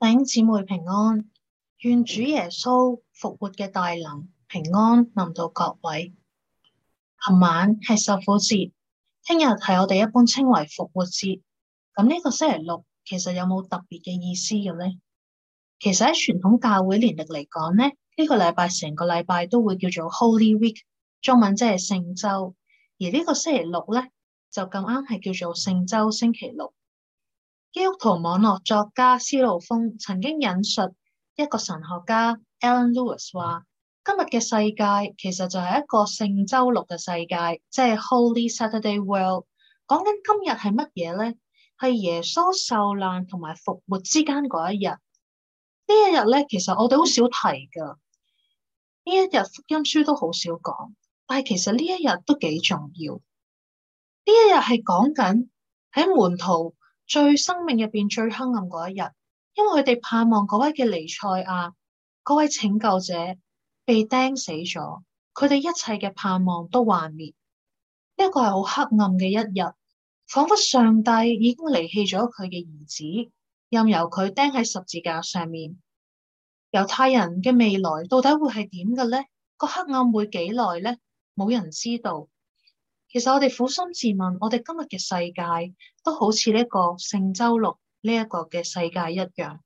弟兄姊妹平安，願主耶穌復活嘅大能平安臨到各位。琴晚係受苦節，聽日係我哋一般稱為復活節。咁呢個星期六其實有冇特別嘅意思嘅咧？其實喺傳統教會年曆嚟講咧，呢個禮拜成個禮拜都會叫做 Holy Week，中文即係聖周。而呢個星期六咧，就咁啱係叫做聖周星期六。基督徒網絡作家斯路峰曾經引述一個神學家 Alan Lewis 話：今日嘅世界其實就係一個聖周六嘅世界，即係 Holy Saturday World。講緊今日係乜嘢呢？係耶穌受難同埋復活之間嗰一日。呢一日咧，其實我哋好少提噶。呢一日福音書都好少講，但係其實呢一日都幾重要。呢一日係講緊喺門徒。最生命入邊最黑暗嗰一日，因為佢哋盼望嗰位嘅尼賽亞，嗰位拯救者被釘死咗，佢哋一切嘅盼望都幻滅。呢一個係好黑暗嘅一日，仿佛上帝已經離棄咗佢嘅兒子，任由佢釘喺十字架上面。猶太人嘅未來到底會係點嘅呢？個黑暗會幾耐呢？冇人知道。其實我哋苦心自問，我哋今日嘅世界都好似呢一個聖周六呢一個嘅世界一樣。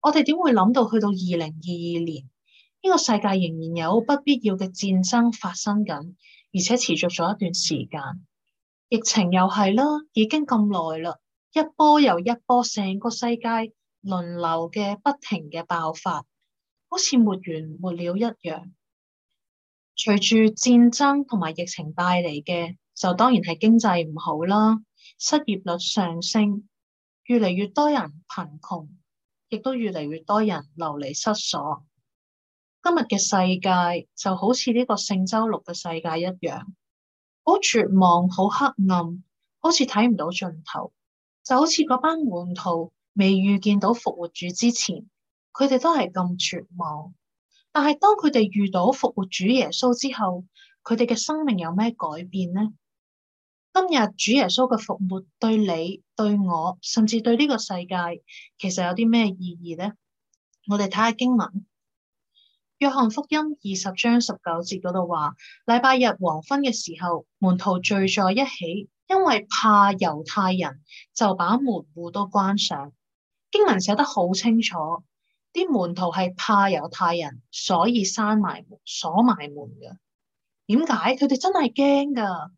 我哋點會諗到去到二零二二年呢個世界仍然有不必要嘅戰爭發生緊，而且持續咗一段時間。疫情又係啦，已經咁耐啦，一波又一波，成個世界輪流嘅不停嘅爆發，好似沒完沒了一樣。隨住戰爭同埋疫情帶嚟嘅，就當然係經濟唔好啦，失業率上升，越嚟越多人貧窮，亦都越嚟越多人流離失所。今日嘅世界就好似呢個聖周六嘅世界一樣，好絕望，好黑暗，好似睇唔到盡頭，就好似嗰班門徒未遇見到復活主之前，佢哋都係咁絕望。但係當佢哋遇到復活主耶穌之後，佢哋嘅生命有咩改變呢？今日主耶穌嘅復活對你、對我，甚至對呢個世界，其實有啲咩意義呢？我哋睇下經文，約翰福音二十章十九節嗰度話：禮拜日黃昏嘅時候，門徒聚在一起，因為怕猶太人，就把門戶都關上。經文寫得好清楚。啲門徒係怕猶太人，所以閂埋門鎖埋門噶。點解？佢哋真係驚噶。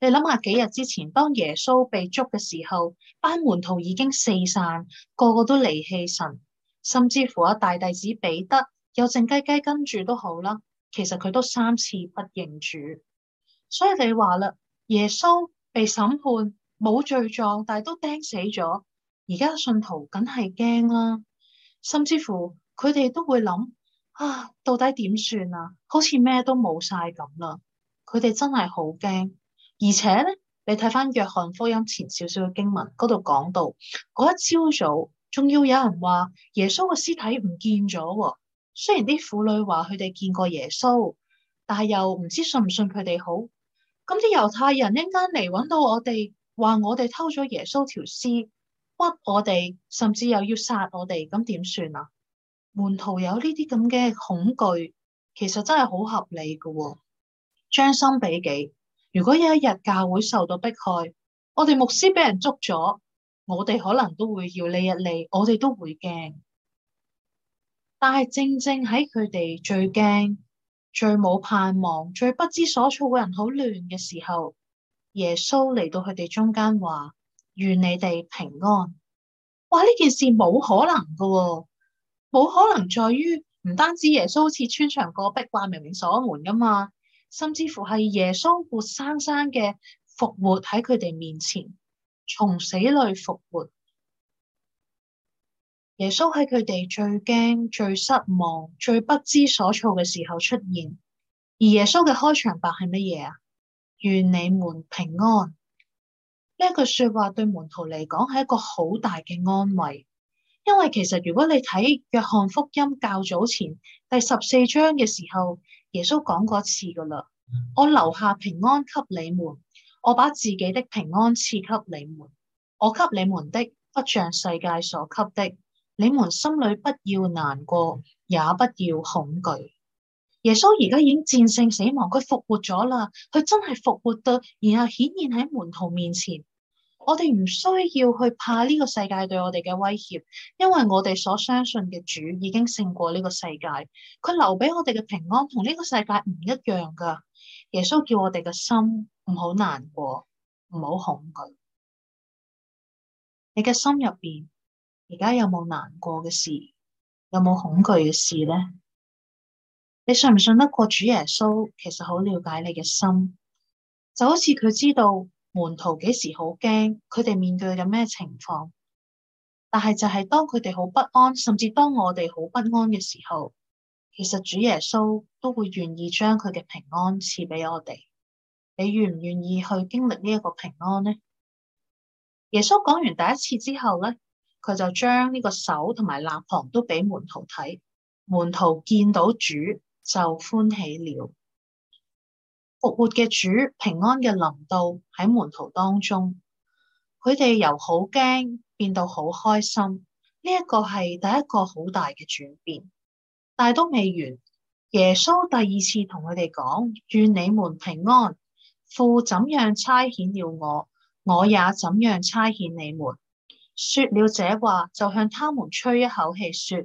你諗下，幾日之前當耶穌被捉嘅時候，班門徒已經四散，個個都離棄神，甚至乎啊大弟子彼得有靜雞雞跟住都好啦，其實佢都三次不認主。所以你話啦，耶穌被審判冇罪狀，但係都釘死咗。而家信徒梗係驚啦。甚至乎佢哋都會諗啊，到底點算啊？好似咩都冇晒咁啦，佢哋真係好驚。而且咧，你睇翻約翰福音前少少嘅經文嗰度講到，嗰一朝早仲要有人話耶穌嘅屍體唔見咗。雖然啲婦女話佢哋見過耶穌，但係又唔知信唔信佢哋好。咁啲猶太人一間嚟揾到我哋，話我哋偷咗耶穌條屍。屈我哋，甚至又要殺我哋，咁點算啊？門徒有呢啲咁嘅恐懼，其實真係好合理㗎喎。將心比己，如果有一日教會受到迫害，我哋牧師俾人捉咗，我哋可能都會要呢日嚟，我哋都會驚。但係正正喺佢哋最驚、最冇盼望、最不知所措嘅人好亂嘅時候，耶穌嚟到佢哋中間話。願你哋平安。哇！呢件事冇可能噶喎，冇可能在於唔單止耶穌好似穿牆過壁，掛明明鎖門噶嘛，甚至乎係耶穌活生生嘅復活喺佢哋面前，從死裏復活。耶穌喺佢哋最驚、最失望、最不知所措嘅時候出現，而耶穌嘅開場白係乜嘢啊？願你們平安。呢句說話對門徒嚟講係一個好大嘅安慰，因為其實如果你睇約翰福音較早前第十四章嘅時候，耶穌講過一次㗎喇，我留下平安給你們，我把自己的平安賜給你們，我給你們的不像世界所給的，你們心裏不要難過，也不要恐懼。耶穌而家已經戰勝死亡，佢復活咗啦，佢真係復活到，然後顯現喺門徒面前。我哋唔需要去怕呢個世界對我哋嘅威脅，因為我哋所相信嘅主已經勝過呢個世界。佢留俾我哋嘅平安同呢個世界唔一樣噶。耶穌叫我哋嘅心唔好難過，唔好恐懼。你嘅心入邊而家有冇難過嘅事？有冇恐懼嘅事咧？你信唔信得過主耶穌？其實好了解你嘅心，就好似佢知道門徒幾時好驚，佢哋面對有咩情況。但係就係當佢哋好不安，甚至當我哋好不安嘅時候，其實主耶穌都會願意將佢嘅平安賜俾我哋。你願唔願意去經歷呢一個平安呢？耶穌講完第一次之後呢，佢就將呢個手同埋肋旁都俾門徒睇，門徒見到主。就歡喜了，復活嘅主平安嘅臨到喺門徒當中，佢哋由好驚變到好開心，呢一個係第一個好大嘅轉變。但都未完，耶穌第二次同佢哋講：願你們平安。父怎樣差遣了我，我也怎樣差遣你們。說了這話，就向他們吹一口氣，說：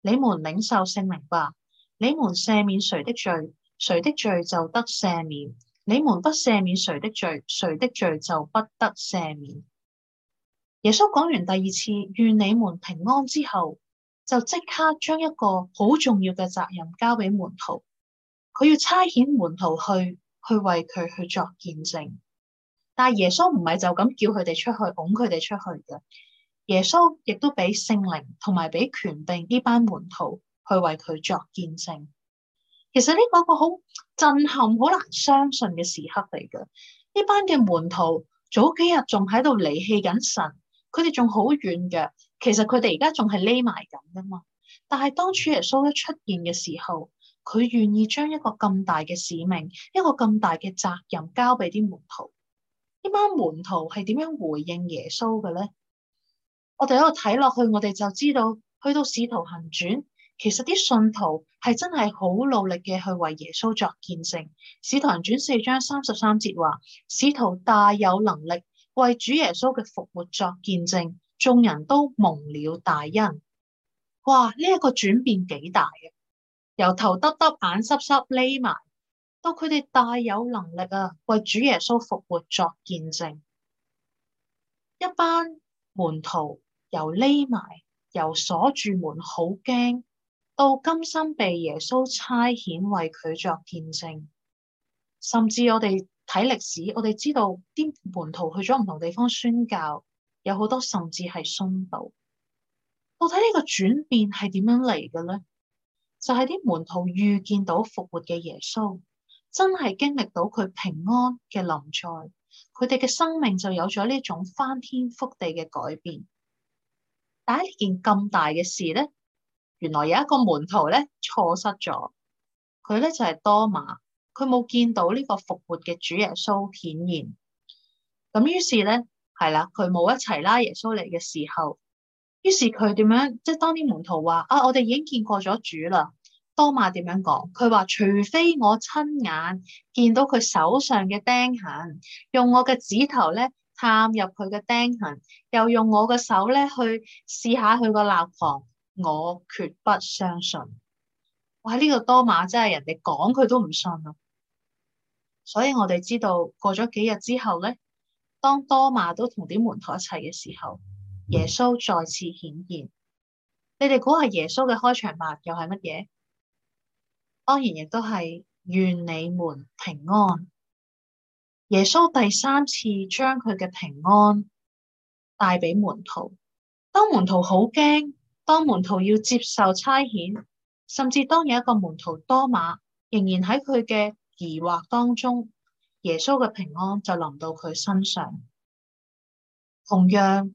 你們領受聖靈吧。你們赦免誰的罪，誰的罪就得赦免；你們不赦免誰的罪，誰的罪就不得赦免。耶穌講完第二次願你們平安之後，就即刻將一個好重要嘅責任交俾門徒，佢要差遣門徒去去為佢去作見證。但耶穌唔係就咁叫佢哋出去，拱佢哋出去嘅。耶穌亦都俾聖靈同埋俾權柄呢班門徒，去為佢作見證，其實呢個一個好震撼、好難相信嘅時刻嚟噶。呢班嘅門徒早幾日仲喺度離棄緊神，佢哋仲好遠嘅。其實佢哋而家仲係匿埋緊噶嘛。但係當主耶穌一出現嘅時候，佢願意將一個咁大嘅使命、一個咁大嘅責任交俾啲門徒。呢班門徒係點樣回應耶穌嘅咧？我哋喺度睇落去，我哋就知道去到使徒行傳。其實啲信徒係真係好努力嘅去為耶穌作見證。使徒行傳四章三十三節話：使徒大有能力為主耶穌嘅復活作見證，眾人都蒙了大恩。哇！呢一個轉變幾大嘅，由頭耷耷眼濕濕匿埋，到佢哋大有能力啊為主耶穌復活作見證。一班門徒又匿埋，又鎖住門，好驚。到今生被耶穌差遣為佢作見證，甚至我哋睇歷史，我哋知道啲門徒去咗唔同地方宣教，有好多甚至係殉道。到底呢個轉變係點樣嚟嘅呢？就係、是、啲門徒遇見到復活嘅耶穌，真係經歷到佢平安嘅臨在，佢哋嘅生命就有咗呢種翻天覆地嘅改變。但一件咁大嘅事咧？原來有一個門徒咧錯失咗，佢咧就係多馬，佢冇見到呢個復活嘅主耶穌顯現。咁於是咧，係啦，佢冇一齊啦。耶穌嚟嘅時候，於是佢點樣？即係當啲門徒話：啊，我哋已經見過咗主啦。多馬點樣講？佢話：除非我親眼見到佢手上嘅釘痕，用我嘅指頭咧探入佢嘅釘痕，又用我嘅手咧去試下佢個肋旁。」我絕不相信，哇，呢個多馬，真係人哋講佢都唔信咯。所以我哋知道過咗幾日之後呢，當多馬都同啲門徒一齊嘅時候，耶穌再次顯現。你哋估下耶穌嘅開場白又係乜嘢？當然亦都係願你們平安。耶穌第三次將佢嘅平安帶俾門徒，當門徒好驚。當門徒要接受差遣，甚至當有一個門徒多馬，仍然喺佢嘅疑惑當中，耶穌嘅平安就臨到佢身上。同樣，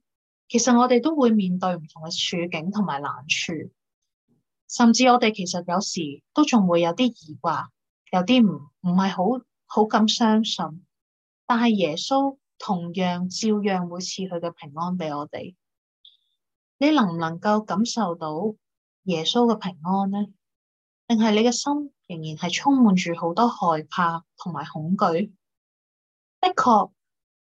其實我哋都會面對唔同嘅處境同埋難處，甚至我哋其實有時都仲會有啲疑惑，有啲唔唔係好好咁相信，但係耶穌同樣照樣會賜佢嘅平安俾我哋。你能唔能夠感受到耶穌嘅平安呢？定係你嘅心仍然係充滿住好多害怕同埋恐懼？的確，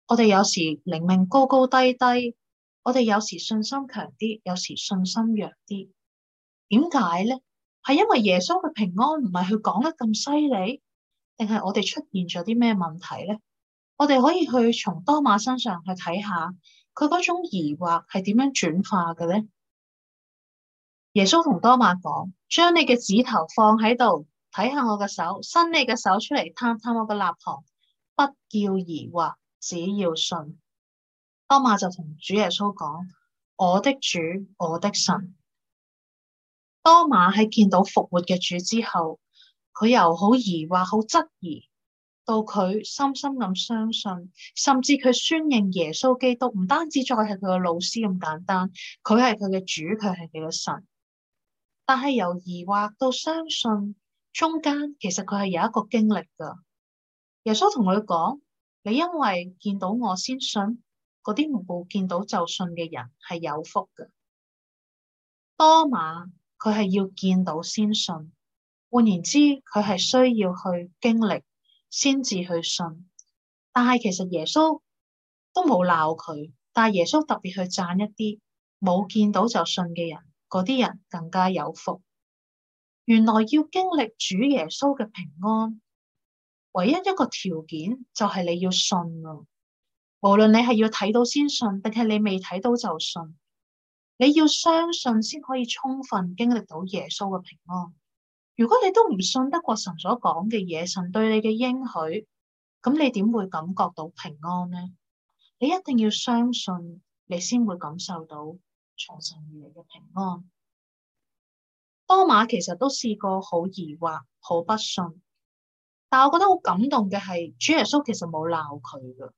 我哋有時靈命高高低低，我哋有時信心強啲，有時信心弱啲。點解呢？係因為耶穌嘅平安唔係佢講得咁犀利，定係我哋出現咗啲咩問題呢？我哋可以去從多馬身上去睇下。佢嗰種疑惑係點樣轉化嘅咧？耶穌同多馬講：將你嘅指頭放喺度，睇下我嘅手，伸你嘅手出嚟，探探我嘅肋旁，不叫疑惑，只要信。多馬就同主耶穌講：我的主，我的神。多馬喺見到復活嘅主之後，佢又好疑惑，好質疑。到佢深深咁相信，甚至佢宣認耶穌基督，唔單止再係佢個老師咁簡單，佢係佢嘅主，佢係佢嘅神。但係由疑惑到相信中間，其實佢係有一個經歷㗎。耶穌同佢講：你因為見到我先信，嗰啲冇見到就信嘅人係有福㗎。多馬佢係要見到先信，換言之，佢係需要去經歷。先至去信，但係其實耶穌都冇鬧佢，但係耶穌特別去讚一啲冇見到就信嘅人，嗰啲人更加有福。原來要經歷主耶穌嘅平安，唯一一個條件就係你要信啊！無論你係要睇到先信，定係你未睇到就信，你要相信先可以充分經歷到耶穌嘅平安。如果你都唔信得過神所講嘅嘢，神對你嘅應許，咁你點會感覺到平安呢？你一定要相信，你先會感受到從神而嚟嘅平安。多馬其實都試過好疑惑、好不信，但我覺得好感動嘅係，主耶穌其實冇鬧佢噶。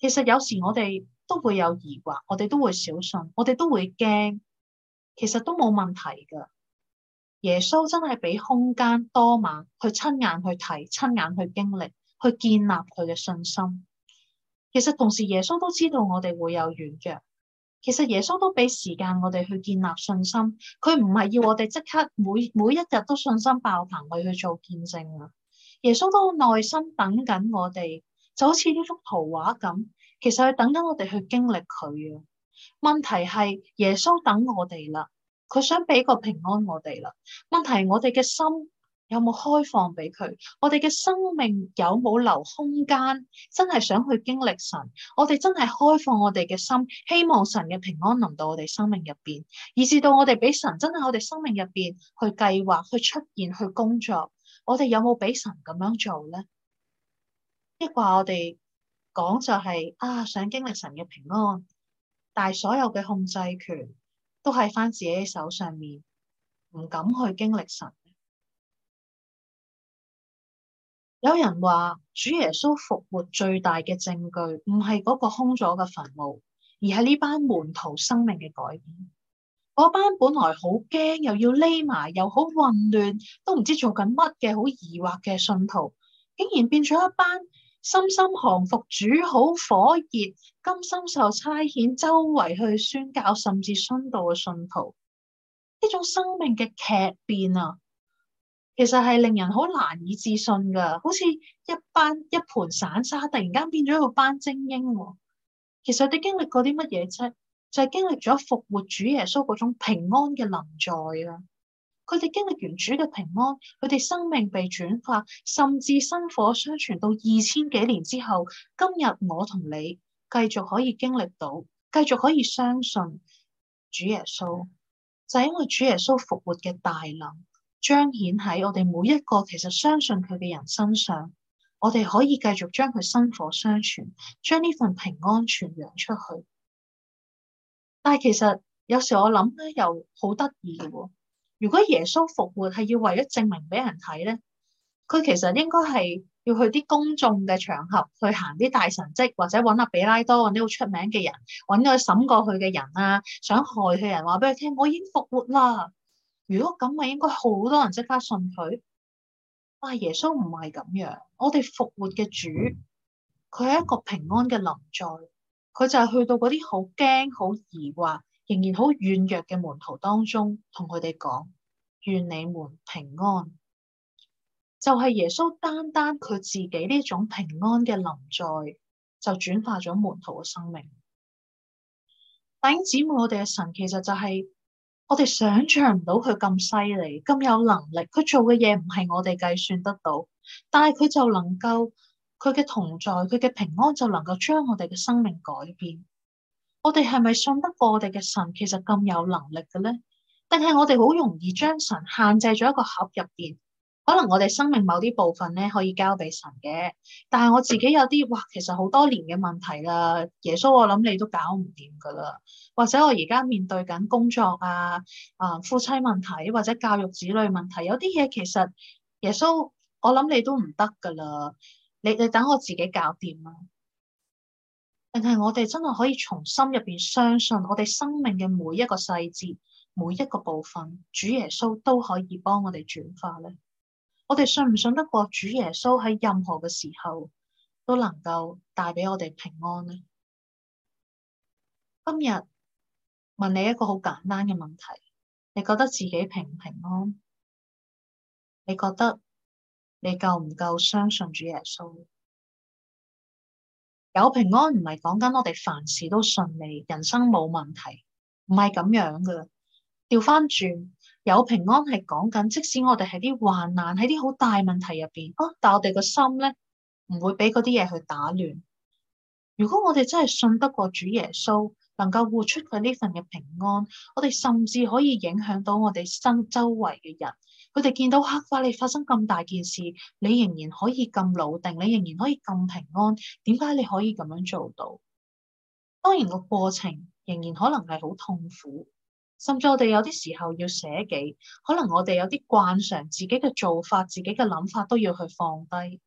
其實有時我哋都會有疑惑，我哋都會小信，我哋都會驚，其實都冇問題噶。耶穌真係俾空間多晚去親眼去睇、親眼去經歷、去建立佢嘅信心。其實同時，耶穌都知道我哋會有軟弱。其實耶穌都俾時間我哋去建立信心。佢唔係要我哋即刻每每一日都信心爆棚去去做見證啊！耶穌都好耐心等緊我哋，就好似呢幅圖畫咁。其實佢等緊我哋去經歷佢啊。問題係耶穌等我哋啦。佢想俾個平安我哋啦，問題係我哋嘅心有冇開放俾佢？我哋嘅生命有冇留空間？真係想去經歷神，我哋真係開放我哋嘅心，希望神嘅平安臨到我哋生命入邊。以至到我哋俾神真係我哋生命入邊去計劃、去出現、去工作，我哋有冇俾神咁樣做咧？一話我哋講就係、是、啊，想經歷神嘅平安，但係所有嘅控制權，都係翻自己手上面，唔敢去經歷神。有人話，主耶穌復活最大嘅證據，唔係嗰個空咗嘅墳墓，而係呢班門徒生命嘅改變。嗰班本來好驚，又要匿埋，又好混亂，都唔知做緊乜嘅，好疑惑嘅信徒，竟然變咗一班。深深降伏煮，好火熱，甘心受差遣，周圍去宣教，甚至殉道嘅信徒，呢種生命嘅劇變啊，其實係令人好難以置信㗎，好似一班一盤散沙，突然間變咗一個班精英喎。其實你經歷過啲乜嘢啫？就係經歷咗復活主耶穌嗰種平安嘅臨在啊！佢哋經歷完主嘅平安，佢哋生命被轉化，甚至生火相傳到二千幾年之後，今日我同你繼續可以經歷到，繼續可以相信主耶穌，就係因為主耶穌復活嘅大能，彰顯喺我哋每一個其實相信佢嘅人身上，我哋可以繼續將佢生火相傳，將呢份平安傳揚出去。但係其實有時我諗咧，又好得意嘅喎。如果耶穌復活係要為咗證明俾人睇咧，佢其實應該係要去啲公眾嘅場合去行啲大神跡，或者揾阿比拉多，揾啲好出名嘅人，揾佢審過佢嘅人啊，想害佢人話俾佢聽我已經復活啦。如果咁，咪應該好多人即刻信佢。但耶穌唔係咁樣，我哋復活嘅主，佢係一個平安嘅臨在，佢就係去到嗰啲好驚、好疑惑，仍然好軟弱嘅門徒當中，同佢哋講願你們平安，就係耶穌單單佢自己呢種平安嘅臨在，就轉化咗門徒嘅生命。弟兄姊妹，我哋嘅神其實就係我哋想象唔到佢咁犀利、咁有能力，佢做嘅嘢唔係我哋計算得到，但係佢就能夠佢嘅同在、佢嘅平安就能夠將我哋嘅生命改變。我哋係咪信得過我哋嘅神？其實咁有能力嘅咧，定係我哋好容易將神限制咗一個盒入邊？可能我哋生命某啲部分咧可以交俾神嘅，但係我自己有啲哇，其實好多年嘅問題啦，耶穌我諗你都搞唔掂噶啦，或者我而家面對緊工作啊、啊、呃、夫妻問題或者教育子女問題，有啲嘢其實耶穌我諗你都唔得噶啦，你你等我自己搞掂啦。定係我哋真係可以從心入邊相信，我哋生命嘅每一個細節、每一個部分，主耶穌都可以幫我哋轉化呢？我哋信唔信得過主耶穌喺任何嘅時候都能夠帶俾我哋平安呢？今日問你一個好簡單嘅問題，你覺得自己平唔平安？你覺得你夠唔夠相信主耶穌？有平安唔係講緊我哋凡事都順利，人生冇問題，唔係咁樣噶。調翻轉有平安係講緊，即使我哋喺啲患難，喺啲好大問題入邊啊，但我哋個心咧唔會俾嗰啲嘢去打亂。如果我哋真係信得過主耶穌，能夠活出佢呢份嘅平安，我哋甚至可以影響到我哋身周圍嘅人。佢哋見到嘩，你發生咁大件事，你仍然可以咁老定，你仍然可以咁平安，點解你可以咁樣做到？當然個過程仍然可能係好痛苦，甚至我哋有啲時候要捨己，可能我哋有啲慣常自己嘅做法、自己嘅諗法都要去放低。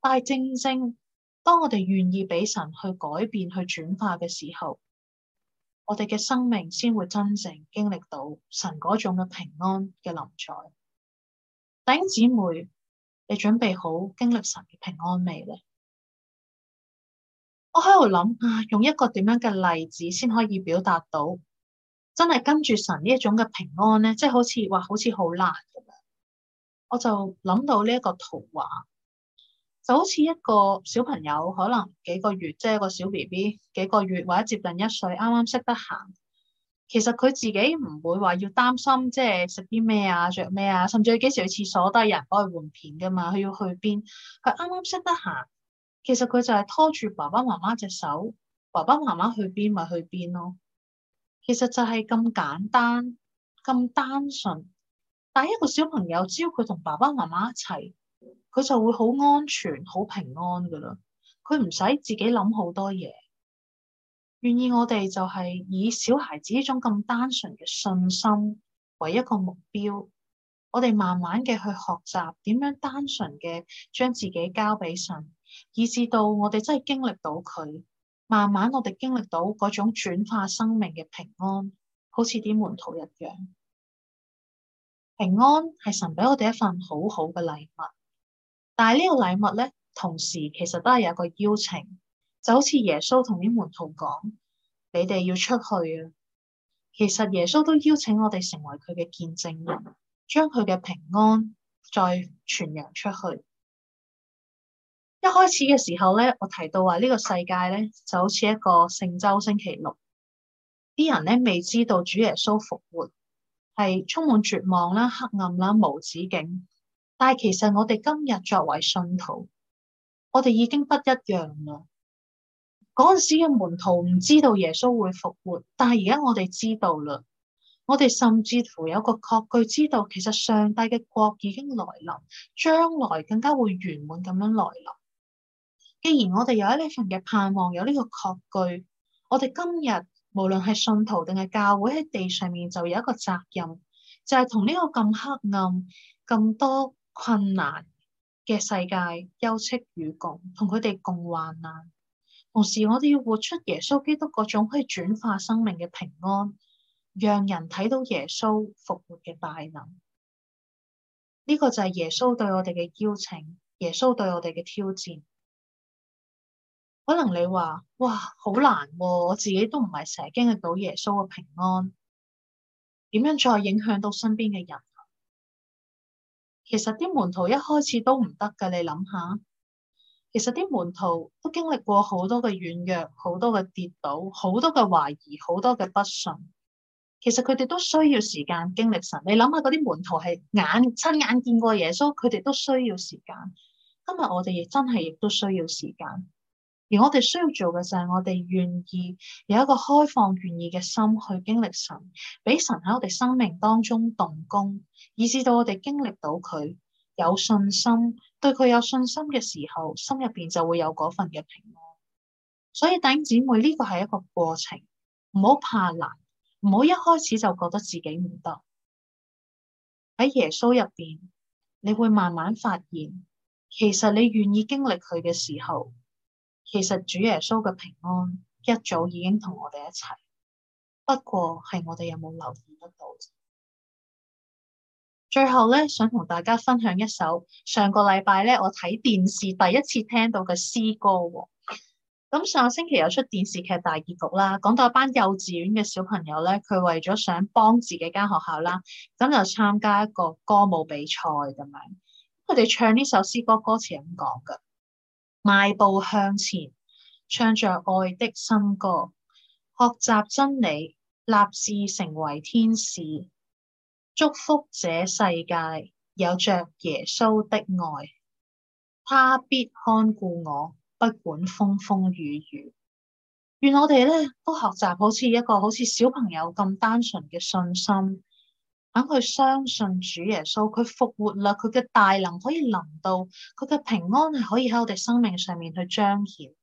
但係正正當我哋願意俾神去改變、去轉化嘅時候，我哋嘅生命先會真正經歷到神嗰種嘅平安嘅臨在。等姊妹，你準備好經歷神嘅平安未咧？我喺度諗啊，用一個點樣嘅例子先可以表達到真係跟住神呢一種嘅平安咧？即係好似話，好似好難咁樣。我就諗到呢一個圖畫，就好似一個小朋友可能幾個月，即係一個小 B B 幾個月或者接近一歲，啱啱識得行。其實佢自己唔會話要擔心，即係食啲咩啊，着咩啊，甚至佢幾時去廁所都係有人幫佢換片噶嘛。佢要去邊，佢啱啱識得行，其實佢就係拖住爸爸媽媽隻手，爸爸媽媽去邊咪去邊咯。其實就係咁簡單咁單純，但一個小朋友只要佢同爸爸媽媽一齊，佢就會好安全、好平安噶啦。佢唔使自己諗好多嘢。願意我哋就係以小孩子呢種咁單純嘅信心為一個目標，我哋慢慢嘅去學習點樣單純嘅將自己交俾神，以至到我哋真係經歷到佢，慢慢我哋經歷到嗰種轉化生命嘅平安，好似啲門徒一樣。平安係神俾我哋一份好好嘅禮物，但係呢個禮物咧，同時其實都係有個邀請。就好似耶穌同啲門徒講，你哋要出去啊。其實耶穌都邀請我哋成為佢嘅見證人，將佢嘅平安再傳揚出去。一開始嘅時候咧，我提到話呢個世界咧就好似一個聖周星期六，啲人咧未知道主耶穌復活，係充滿絕望啦、黑暗啦、無止境。但係其實我哋今日作為信徒，我哋已經不一樣啦。嗰陣時嘅門徒唔知道耶穌會復活，但係而家我哋知道啦。我哋甚至乎有個確據知道，其實上帝嘅國已經來臨，將來更加會圓滿咁樣來臨。既然我哋有一呢份嘅盼望，有呢個確據，我哋今日無論係信徒定係教會喺地上面，就有一個責任，就係同呢個咁黑暗、咁多困難嘅世界休戚與共，同佢哋共患難。同時，我哋要活出耶穌基督嗰種可以轉化生命嘅平安，讓人睇到耶穌復活嘅大能。呢、這個就係耶穌對我哋嘅邀請，耶穌對我哋嘅挑戰。可能你話哇，好難喎、啊，我自己都唔係成日經歷到耶穌嘅平安，點樣再影響到身邊嘅人？其實啲門徒一開始都唔得㗎，你諗下。其實啲門徒都經歷過好多嘅軟弱，好多嘅跌倒，好多嘅懷疑，好多嘅不信。其實佢哋都需要時間經歷神。你諗下嗰啲門徒係眼親眼見過耶穌，佢哋都需要時間。今日我哋亦真係亦都需要時間。而我哋需要做嘅就係我哋願意有一個開放、願意嘅心去經歷神，俾神喺我哋生命當中動工，以至到我哋經歷到佢有信心。對佢有信心嘅時候，心入邊就會有嗰份嘅平安。所以頂姊妹呢個係一個過程，唔好怕難，唔好一開始就覺得自己唔得。喺耶穌入邊，你會慢慢發現，其實你願意經歷佢嘅時候，其實主耶穌嘅平安一早已經同我哋一齊，不過係我哋有冇留意得到。最後咧，想同大家分享一首上個禮拜咧，我睇電視第一次聽到嘅詩歌喎、哦。咁上個星期有出電視劇大結局啦，講到一班幼稚園嘅小朋友咧，佢為咗想幫自己間學校啦，咁就參加一個歌舞比賽咁樣。佢哋唱呢首詩歌，歌詞係咁講嘅：邁步向前，唱着愛的新歌，學習真理，立志成為天使。祝福這世界有着耶穌的愛，他必看顧我，不管風風雨雨。願我哋咧都學習好似一個好似小朋友咁單純嘅信心，等佢相信主耶穌，佢復活啦，佢嘅大能可以臨到，佢嘅平安係可以喺我哋生命上面去彰顯，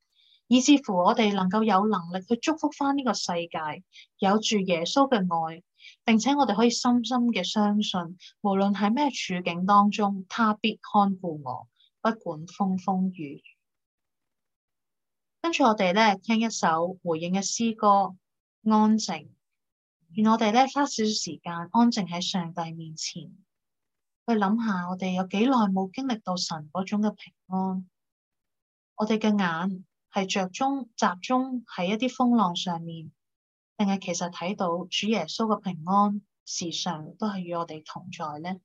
以至乎我哋能夠有能力去祝福翻呢個世界，有住耶穌嘅愛。並且我哋可以深深嘅相信，無論喺咩處境當中，他必看顧我，不管風風雨。跟住我哋咧，聽一首回應嘅詩歌《安靜》，願我哋咧花少少時間安靜喺上帝面前，去諗下我哋有幾耐冇經歷到神嗰種嘅平安。我哋嘅眼係著重集中喺一啲風浪上面。定係其實睇到主耶穌嘅平安時常都係與我哋同在呢？